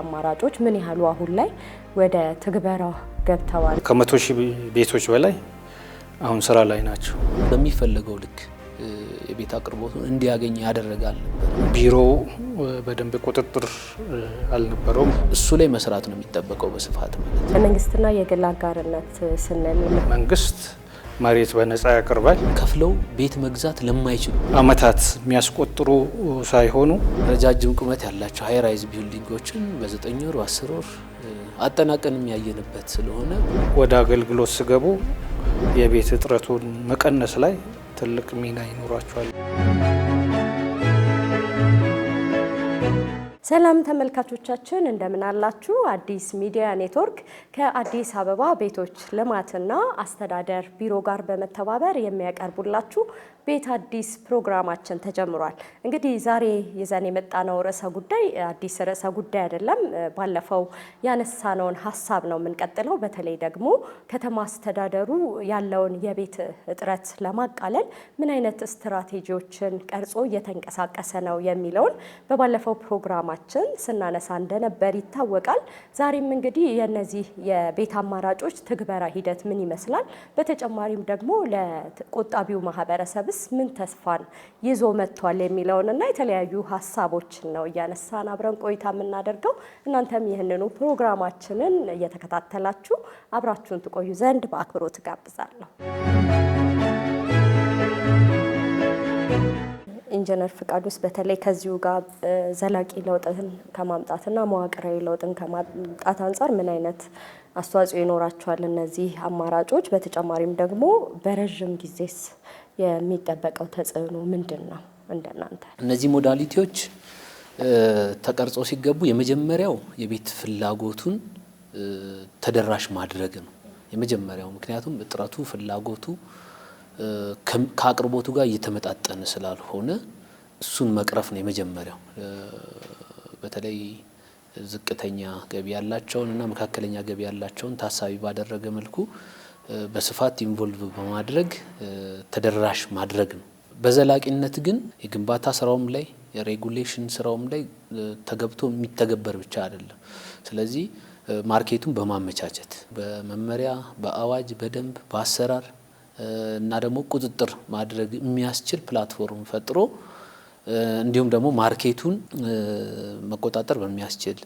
አማራጮች ምን ያህሉ አሁን ላይ ወደ ትግበራ ገብተዋል? ከመቶ ሺህ ቤቶች በላይ አሁን ስራ ላይ ናቸው። በሚፈለገው ልክ የቤት አቅርቦቱን እንዲያገኝ ያደረጋል። ቢሮ በደንብ ቁጥጥር አልነበረውም። እሱ ላይ መስራት ነው የሚጠበቀው በስፋት ማለት ነው። መንግስትና የግል አጋርነት ስንል መንግስት መሬት በነጻ ያቀርባል። ከፍለው ቤት መግዛት ለማይችሉ አመታት የሚያስቆጥሩ ሳይሆኑ ረጃጅም ቁመት ያላቸው ሃይራይዝ ቢልዲንጎችን በዘጠኝ ወር አስር ወር አጠናቀን የሚያየንበት ስለሆነ ወደ አገልግሎት ስገቡ የቤት እጥረቱን መቀነስ ላይ ትልቅ ሚና ይኖራቸዋል። ሰላም ተመልካቾቻችን እንደምን አላችሁ? አዲስ ሚዲያ ኔትወርክ ከአዲስ አበባ ቤቶች ልማትና አስተዳደር ቢሮ ጋር በመተባበር የሚያቀርቡላችሁ ቤት አዲስ ፕሮግራማችን ተጀምሯል። እንግዲህ ዛሬ ይዘን የመጣነው ርዕሰ ጉዳይ አዲስ ርዕሰ ጉዳይ አይደለም። ባለፈው ያነሳነውን ሀሳብ ነው የምንቀጥለው። በተለይ ደግሞ ከተማ አስተዳደሩ ያለውን የቤት እጥረት ለማቃለል ምን አይነት ስትራቴጂዎችን ቀርጾ እየተንቀሳቀሰ ነው የሚለውን በባለፈው ፕሮግራም ፕሮግራማችን ስናነሳ እንደነበር ይታወቃል። ዛሬም እንግዲህ የነዚህ የቤት አማራጮች ትግበራ ሂደት ምን ይመስላል፣ በተጨማሪም ደግሞ ለቆጣቢው ማህበረሰብስ ምን ተስፋን ይዞ መጥቷል እና የተለያዩ ሀሳቦችን ነው እያነሳን አብረን ቆይታ የምናደርገው። እናንተም ይህንኑ ፕሮግራማችንን እየተከታተላችሁ አብራችሁን ትቆዩ ዘንድ በአክብሮት ጋብዛለሁ። ኢንጂነር ፍቃድ ውስጥ በተለይ ከዚሁ ጋር ዘላቂ ለውጥን ከማምጣትና መዋቅራዊ ለውጥን ከማምጣት አንጻር ምን አይነት አስተዋጽኦ ይኖራቸዋል እነዚህ አማራጮች? በተጨማሪም ደግሞ በረዥም ጊዜስ የሚጠበቀው ተጽዕኖ ምንድን ነው? እንደናንተ እነዚህ ሞዳሊቲዎች ተቀርጾ ሲገቡ የመጀመሪያው የቤት ፍላጎቱን ተደራሽ ማድረግ ነው የመጀመሪያው። ምክንያቱም እጥረቱ ፍላጎቱ ከአቅርቦቱ ጋር እየተመጣጠነ ስላልሆነ እሱን መቅረፍ ነው የመጀመሪያው። በተለይ ዝቅተኛ ገቢ ያላቸውን እና መካከለኛ ገቢ ያላቸውን ታሳቢ ባደረገ መልኩ በስፋት ኢንቮልቭ በማድረግ ተደራሽ ማድረግ ነው። በዘላቂነት ግን የግንባታ ስራውም ላይ የሬጉሌሽን ስራውም ላይ ተገብቶ የሚተገበር ብቻ አይደለም። ስለዚህ ማርኬቱን በማመቻቸት በመመሪያ፣ በአዋጅ፣ በደንብ፣ በአሰራር እና ደግሞ ቁጥጥር ማድረግ የሚያስችል ፕላትፎርም ፈጥሮ እንዲሁም ደግሞ ማርኬቱን መቆጣጠር በሚያስችል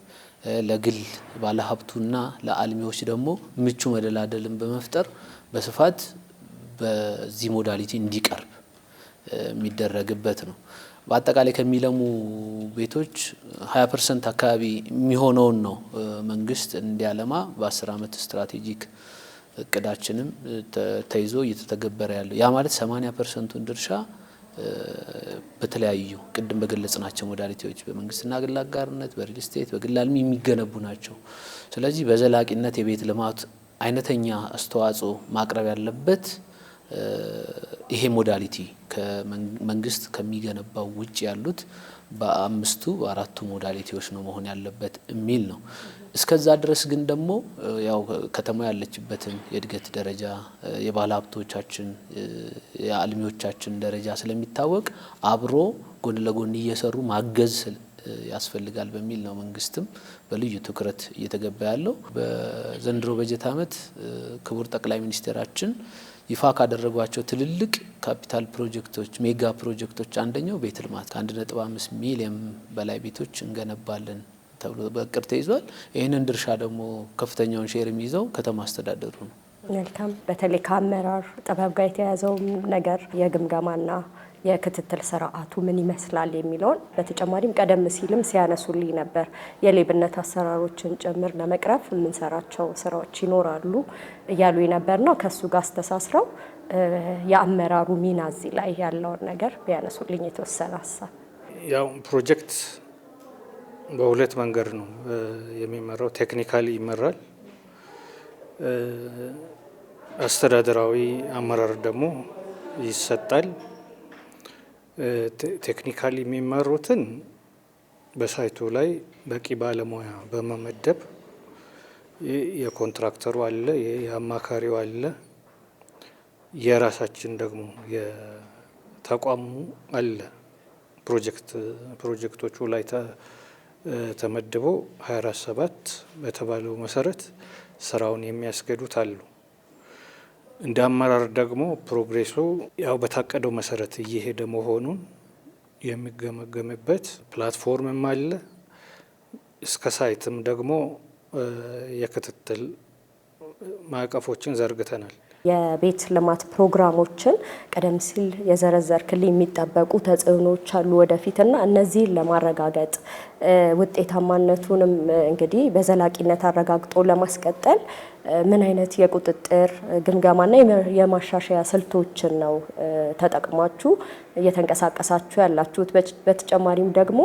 ለግል ባለሀብቱና ለአልሚዎች ደግሞ ምቹ መደላደልን በመፍጠር በስፋት በዚህ ሞዳሊቲ እንዲቀርብ የሚደረግበት ነው። በአጠቃላይ ከሚለሙ ቤቶች 20 ፐርሰንት አካባቢ የሚሆነውን ነው መንግስት እንዲያለማ በ10 ዓመት ስትራቴጂክ እቅዳችንም ተይዞ እየተተገበረ ያለው ያ ማለት 80 ፐርሰንቱን ድርሻ በተለያዩ ቅድም ናቸው ሞዳሊቲዎች በመንግስትና ግል አጋርነት፣ በሪል ስቴት፣ በግል አልሚ የሚገነቡ ናቸው። ስለዚህ በዘላቂነት የቤት ልማት አይነተኛ አስተዋጽኦ ማቅረብ ያለበት ይሄ ሞዳሊቲ መንግስት ከሚገነባው ውጭ ያሉት በአምስቱ በአራቱ ሞዳሊቲዎች ነው መሆን ያለበት የሚል ነው። እስከዛ ድረስ ግን ደግሞ ያው ከተማ ያለችበትን የእድገት ደረጃ የባለ ሀብቶቻችን የአልሚዎቻችን ደረጃ ስለሚታወቅ አብሮ ጎን ለጎን እየሰሩ ማገዝ ያስፈልጋል በሚል ነው መንግስትም በልዩ ትኩረት እየተገባ ያለው። በዘንድሮ በጀት ዓመት ክቡር ጠቅላይ ሚኒስቴራችን ይፋ ካደረጓቸው ትልልቅ ካፒታል ፕሮጀክቶች ሜጋ ፕሮጀክቶች አንደኛው ቤት ልማት ከ1.5 ሚሊዮን በላይ ቤቶች እንገነባለን ተብሎ በቅር ተይዟል። ይህንን ድርሻ ደግሞ ከፍተኛውን ሼር የሚይዘው ከተማ አስተዳደሩ ነው። መልካም። በተለይ ከአመራር ጥበብ ጋር የተያያዘው ነገር የግምገማና የክትትል ስርዓቱ ምን ይመስላል የሚለውን በተጨማሪም ቀደም ሲልም ሲያነሱልኝ ነበር። የሌብነት አሰራሮችን ጭምር ለመቅረፍ የምንሰራቸው ስራዎች ይኖራሉ እያሉ ነበር ነው ከእሱ ጋር አስተሳስረው የአመራሩ ሚና እዚህ ላይ ያለውን ነገር ቢያነሱልኝ የተወሰነ ሀሳብ ያው ፕሮጀክት በሁለት መንገድ ነው የሚመራው። ቴክኒካሊ ይመራል። አስተዳደራዊ አመራር ደግሞ ይሰጣል። ቴክኒካሊ የሚመሩትን በሳይቱ ላይ በቂ ባለሙያ በመመደብ የኮንትራክተሩ አለ፣ የአማካሪው አለ፣ የራሳችን ደግሞ የተቋሙ አለ ፕሮጀክቶቹ ላይ ተመድቦ 24 በተባለው መሰረት ስራውን የሚያስገዱት አሉ። እንደ አመራር ደግሞ ፕሮግሬሱ ያው በታቀደው መሰረት እየሄደ መሆኑን የሚገመገምበት ፕላትፎርምም አለ። እስከ ሳይትም ደግሞ የክትትል ማዕቀፎችን ዘርግተናል። የቤት ልማት ፕሮግራሞችን ቀደም ሲል የዘረዘርክልኝ የሚጠበቁ ተጽዕኖዎች አሉ ወደፊት እና እነዚህን ለማረጋገጥ ውጤታማነቱንም እንግዲህ በዘላቂነት አረጋግጦ ለማስቀጠል ምን አይነት የቁጥጥር ግምገማና የማሻሻያ ስልቶችን ነው ተጠቅማችሁ እየተንቀሳቀሳችሁ ያላችሁት? በተጨማሪም ደግሞ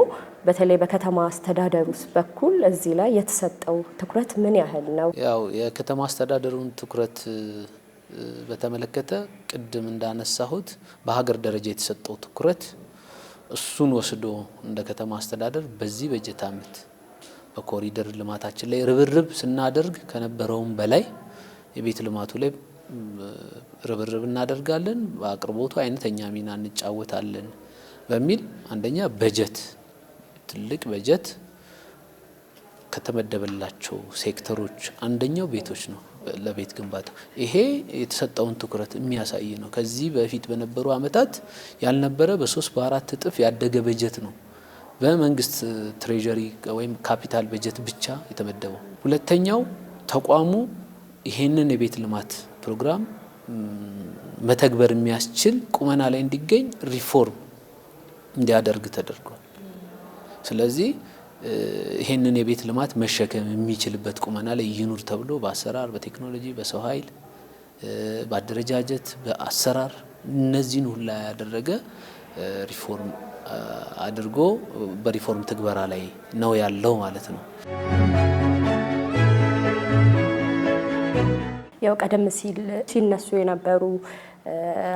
በተለይ በከተማ አስተዳደሩ በኩል እዚህ ላይ የተሰጠው ትኩረት ምን ያህል ነው? ያው የከተማ አስተዳደሩን ትኩረት በተመለከተ ቅድም እንዳነሳሁት በሀገር ደረጃ የተሰጠው ትኩረት እሱን ወስዶ እንደ ከተማ አስተዳደር በዚህ በጀት ዓመት በኮሪደር ልማታችን ላይ ርብርብ ስናደርግ ከነበረውም በላይ የቤት ልማቱ ላይ ርብርብ እናደርጋለን፣ በአቅርቦቱ አይነተኛ ሚና እንጫወታለን በሚል አንደኛ በጀት ትልቅ በጀት ከተመደበላቸው ሴክተሮች አንደኛው ቤቶች ነው። ለቤት ግንባታ ይሄ የተሰጠውን ትኩረት የሚያሳይ ነው። ከዚህ በፊት በነበሩ አመታት ያልነበረ በሶስት በአራት እጥፍ ያደገ በጀት ነው በመንግስት ትሬሪ ወይም ካፒታል በጀት ብቻ የተመደበው። ሁለተኛው ተቋሙ ይሄንን የቤት ልማት ፕሮግራም መተግበር የሚያስችል ቁመና ላይ እንዲገኝ ሪፎርም እንዲያደርግ ተደርጓል። ስለዚህ ይህንን የቤት ልማት መሸከም የሚችልበት ቁመና ላይ ይኑር ተብሎ በአሰራር፣ በቴክኖሎጂ፣ በሰው ኃይል፣ በአደረጃጀት፣ በአሰራር እነዚህን ሁላ ያደረገ ሪፎርም አድርጎ በሪፎርም ትግበራ ላይ ነው ያለው ማለት ነው። ያው ቀደም ሲል ሲነሱ የነበሩ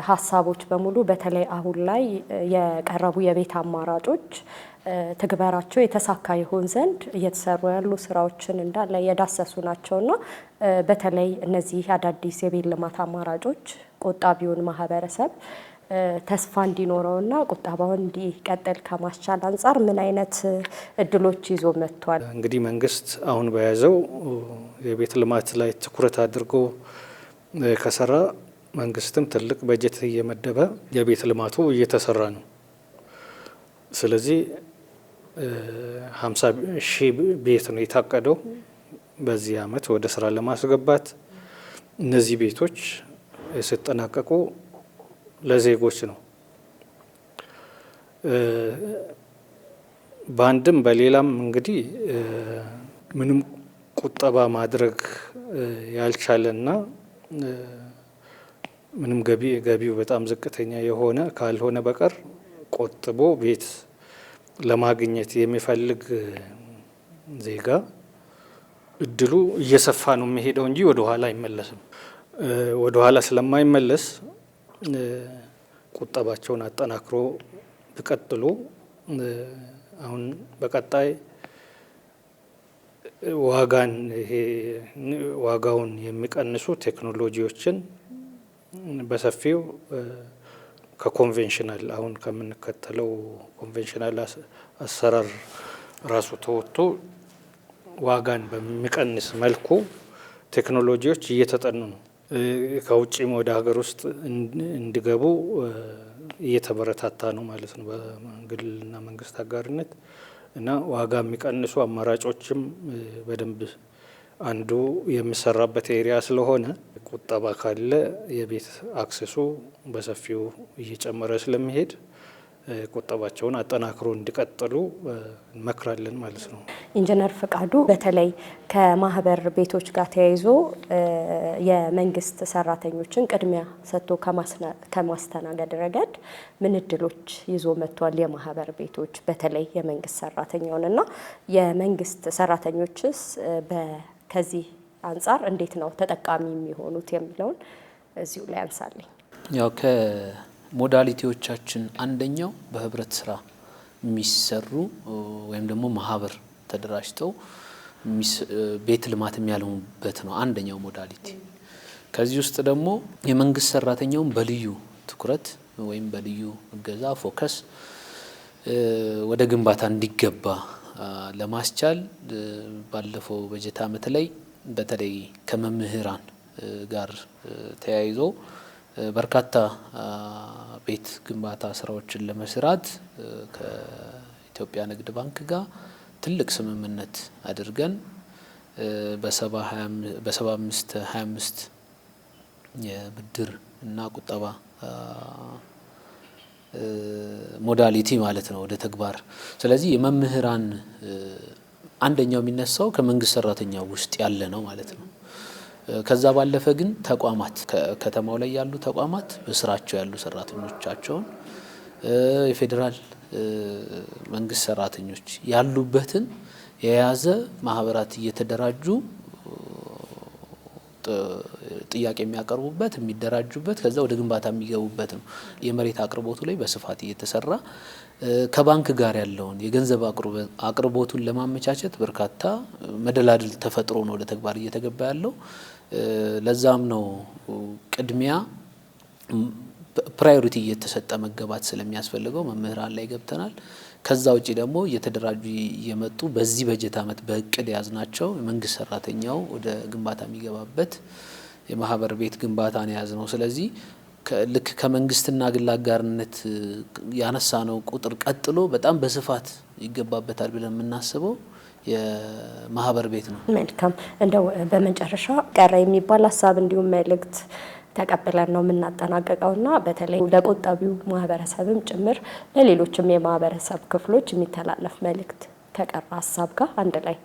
ሀሳቦች በሙሉ በተለይ አሁን ላይ የቀረቡ የቤት አማራጮች ትግበራቸው የተሳካ ይሆን ዘንድ እየተሰሩ ያሉ ስራዎችን እንዳለ የዳሰሱ ናቸውና በተለይ እነዚህ አዳዲስ የቤት ልማት አማራጮች ቆጣቢውን ማህበረሰብ ተስፋ እንዲኖረውና ቁጠባውን እንዲቀጥል ከማስቻል አንጻር ምን አይነት እድሎች ይዞ መጥቷል? እንግዲህ መንግስት አሁን በያዘው የቤት ልማት ላይ ትኩረት አድርጎ ከሰራ መንግስትም ትልቅ በጀት እየመደበ የቤት ልማቱ እየተሰራ ነው። ስለዚህ ሀምሳ ሺህ ቤት ነው የታቀደው በዚህ አመት ወደ ስራ ለማስገባት። እነዚህ ቤቶች ሲጠናቀቁ ለዜጎች ነው። በአንድም በሌላም እንግዲህ ምንም ቁጠባ ማድረግ ያልቻለና ምንም ገቢ ገቢው በጣም ዝቅተኛ የሆነ ካልሆነ በቀር ቆጥቦ ቤት ለማግኘት የሚፈልግ ዜጋ እድሉ እየሰፋ ነው የሚሄደው እንጂ ወደ ኋላ አይመለስም። ወደ ኋላ ስለማይመለስ ቁጠባቸውን አጠናክሮ ቢቀጥሉ አሁን በቀጣይ ዋጋን ይሄ ዋጋውን የሚቀንሱ ቴክኖሎጂዎችን በሰፊው ከኮንቬንሽናል አሁን ከምንከተለው ኮንቬንሽናል አሰራር ራሱ ተወጥቶ ዋጋን በሚቀንስ መልኩ ቴክኖሎጂዎች እየተጠኑ ነው። ከውጭም ወደ ሀገር ውስጥ እንዲገቡ እየተበረታታ ነው ማለት ነው በግልና መንግስት አጋርነት እና ዋጋ የሚቀንሱ አማራጮችም በደንብ አንዱ የምሰራበት ኤሪያ ስለሆነ ቁጠባ ካለ የቤት አክሰሱ በሰፊው እየጨመረ ስለሚሄድ ቁጠባቸውን አጠናክሮ እንዲቀጥሉ እንመክራለን ማለት ነው። ኢንጂነር ፍቃዱ በተለይ ከማህበር ቤቶች ጋር ተያይዞ የመንግስት ሰራተኞችን ቅድሚያ ሰጥቶ ከማስተናገድ ረገድ ምን እድሎች ይዞ መጥቷል? የማህበር ቤቶች በተለይ የመንግስት እና የመንግስት ሰራተኞችስ ከዚህ አንጻር እንዴት ነው ተጠቃሚ የሚሆኑት የሚለውን እዚሁ ላይ አንሳለኝ። ያው ከሞዳሊቲዎቻችን አንደኛው በህብረት ስራ የሚሰሩ ወይም ደግሞ ማህበር ተደራጅተው ቤት ልማት የሚያለሙበት ነው አንደኛው ሞዳሊቲ። ከዚህ ውስጥ ደግሞ የመንግስት ሰራተኛውን በልዩ ትኩረት ወይም በልዩ እገዛ ፎከስ ወደ ግንባታ እንዲገባ ለማስቻል ባለፈው በጀት ዓመት ላይ በተለይ ከመምህራን ጋር ተያይዞ በርካታ ቤት ግንባታ ስራዎችን ለመስራት ከኢትዮጵያ ንግድ ባንክ ጋር ትልቅ ስምምነት አድርገን በሰባ አምስት ሀያ አምስት የብድር እና ቁጠባ ሞዳሊቲ ማለት ነው ወደ ተግባር። ስለዚህ የመምህራን አንደኛው የሚነሳው ከመንግስት ሰራተኛ ውስጥ ያለ ነው ማለት ነው። ከዛ ባለፈ ግን ተቋማት ከተማው ላይ ያሉ ተቋማት በስራቸው ያሉ ሰራተኞቻቸውን የፌዴራል መንግስት ሰራተኞች ያሉበትን የያዘ ማህበራት እየተደራጁ ጥያቄ የሚያቀርቡበት የሚደራጁበት ከዛ ወደ ግንባታ የሚገቡበት ነው። የመሬት አቅርቦቱ ላይ በስፋት እየተሰራ ከባንክ ጋር ያለውን የገንዘብ አቅርቦቱን ለማመቻቸት በርካታ መደላድል ተፈጥሮ ነው ወደ ተግባር እየተገባ ያለው። ለዛም ነው ቅድሚያ ፕራዮሪቲ እየተሰጠ መገባት ስለሚያስፈልገው መምህራን ላይ ገብተናል። ከዛ ውጪ ደግሞ እየተደራጁ የመጡ በዚህ በጀት አመት በእቅድ ናቸው መንግስት ሰራተኛው ወደ ግንባታ የሚገባበት የማህበር ቤት ግንባታን የያዝ ነው። ስለዚህ ልክ ከመንግስትና ግል አጋርነት ያነሳ ነው ቁጥር ቀጥሎ በጣም በስፋት ይገባበታል ብለን የምናስበው የማህበር ቤት ነው። መልካም። እንደው በመጨረሻ ቀረ የሚባል ሀሳብ እንዲሁም መልእክት ተቀብለን ነው የምናጠናቀቀው እና በተለይ ለቆጣቢው ማህበረሰብም ጭምር ለሌሎችም የማህበረሰብ ክፍሎች የሚተላለፍ መልእክት ከቀረ ሀሳብ ጋር አንድ ላይ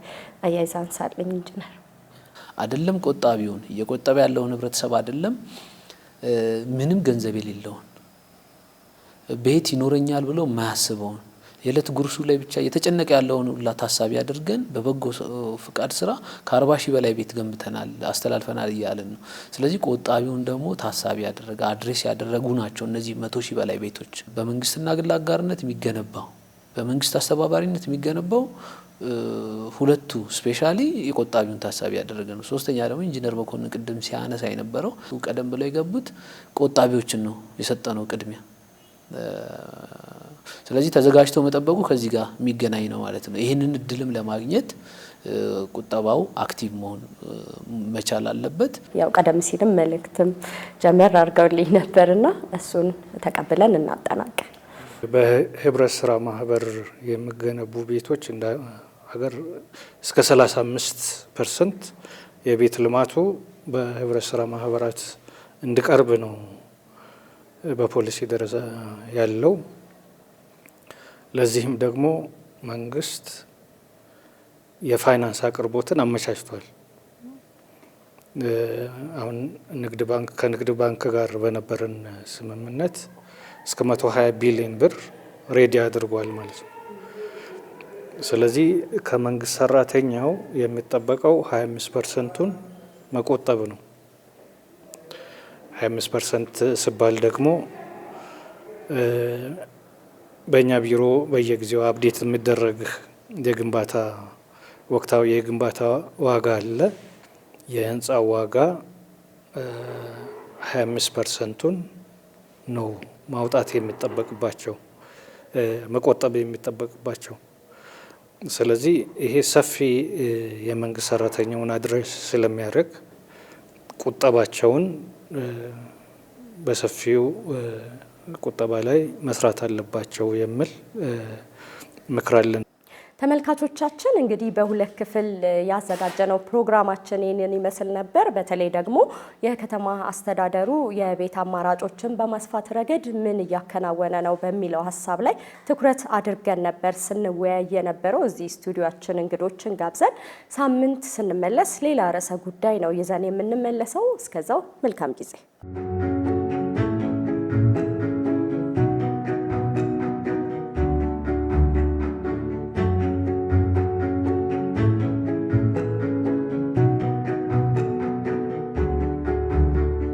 አያይዛ አንሳለኝ። ኢንጂነር አይደለም ቆጣቢውን እየቆጠበ ያለውን ህብረተሰብ አይደለም ምንም ገንዘብ የሌለውን ቤት ይኖረኛል ብሎ ማያስበውን የዕለት ጉርሱ ላይ ብቻ እየተጨነቀ ያለውን ሁላ ታሳቢ አድርገን በበጎ ፍቃድ ስራ ከአርባ ሺህ በላይ ቤት ገንብተናል አስተላልፈናል እያለን ነው። ስለዚህ ቆጣቢውን ደግሞ ታሳቢ ያደረገ አድሬስ ያደረጉ ናቸው እነዚህ መቶ ሺህ በላይ ቤቶች በመንግስትና ግል አጋርነት የሚገነባው በመንግስት አስተባባሪነት የሚገነባው ሁለቱ ስፔሻሊ የቆጣቢውን ታሳቢ ያደረገ ነው። ሶስተኛ ደግሞ ኢንጂነር መኮንን ቅድም ሲያነሳ የነበረው ቀደም ብለው የገቡት ቆጣቢዎችን ነው የሰጠነው ቅድሚያ ስለዚህ ተዘጋጅቶ መጠበቁ ከዚህ ጋር የሚገናኝ ነው ማለት ነው። ይህንን እድልም ለማግኘት ቁጠባው አክቲቭ መሆን መቻል አለበት። ያው ቀደም ሲልም መልእክትም ጀመር አድርገውልኝ ነበርና እሱን ተቀብለን እናጠናቀን። በህብረት ስራ ማህበር የሚገነቡ ቤቶች እንደ ሀገር እስከ 35 ፐርሰንት የቤት ልማቱ በህብረት ስራ ማህበራት እንዲቀርብ ነው በፖሊሲ ደረጃ ያለው ለዚህም ደግሞ መንግስት የፋይናንስ አቅርቦትን አመቻችቷል። አሁን ንግድ ባንክ ከንግድ ባንክ ጋር በነበረን ስምምነት እስከ 120 ቢሊዮን ብር ሬዲ አድርጓል ማለት ነው። ስለዚህ ከመንግስት ሰራተኛው የሚጠበቀው 25 ፐርሰንቱን መቆጠብ ነው። 25 ፐርሰንት ስባል ደግሞ በእኛ ቢሮ በየጊዜው አብዴት የሚደረግ የግንባታ ወቅታዊ የግንባታ ዋጋ አለ። የህንፃው ዋጋ 25 ፐርሰንቱን ነው ማውጣት የሚጠበቅባቸው መቆጠብ የሚጠበቅባቸው። ስለዚህ ይሄ ሰፊ የመንግስት ሰራተኛውን አድረስ ስለሚያደርግ ቁጠባቸውን በሰፊው ቁጠባ ላይ መስራት አለባቸው የሚል ምክራለን። ተመልካቾቻችን እንግዲህ በሁለት ክፍል ያዘጋጀነው ፕሮግራማችን ይህንን ይመስል ነበር። በተለይ ደግሞ የከተማ አስተዳደሩ የቤት አማራጮችን በማስፋት ረገድ ምን እያከናወነ ነው በሚለው ሀሳብ ላይ ትኩረት አድርገን ነበር ስንወያይ የነበረው። እዚህ ስቱዲዮችን እንግዶችን ጋብዘን ሳምንት ስንመለስ ሌላ ርዕሰ ጉዳይ ነው ይዘን የምንመለሰው። እስከዛው መልካም ጊዜ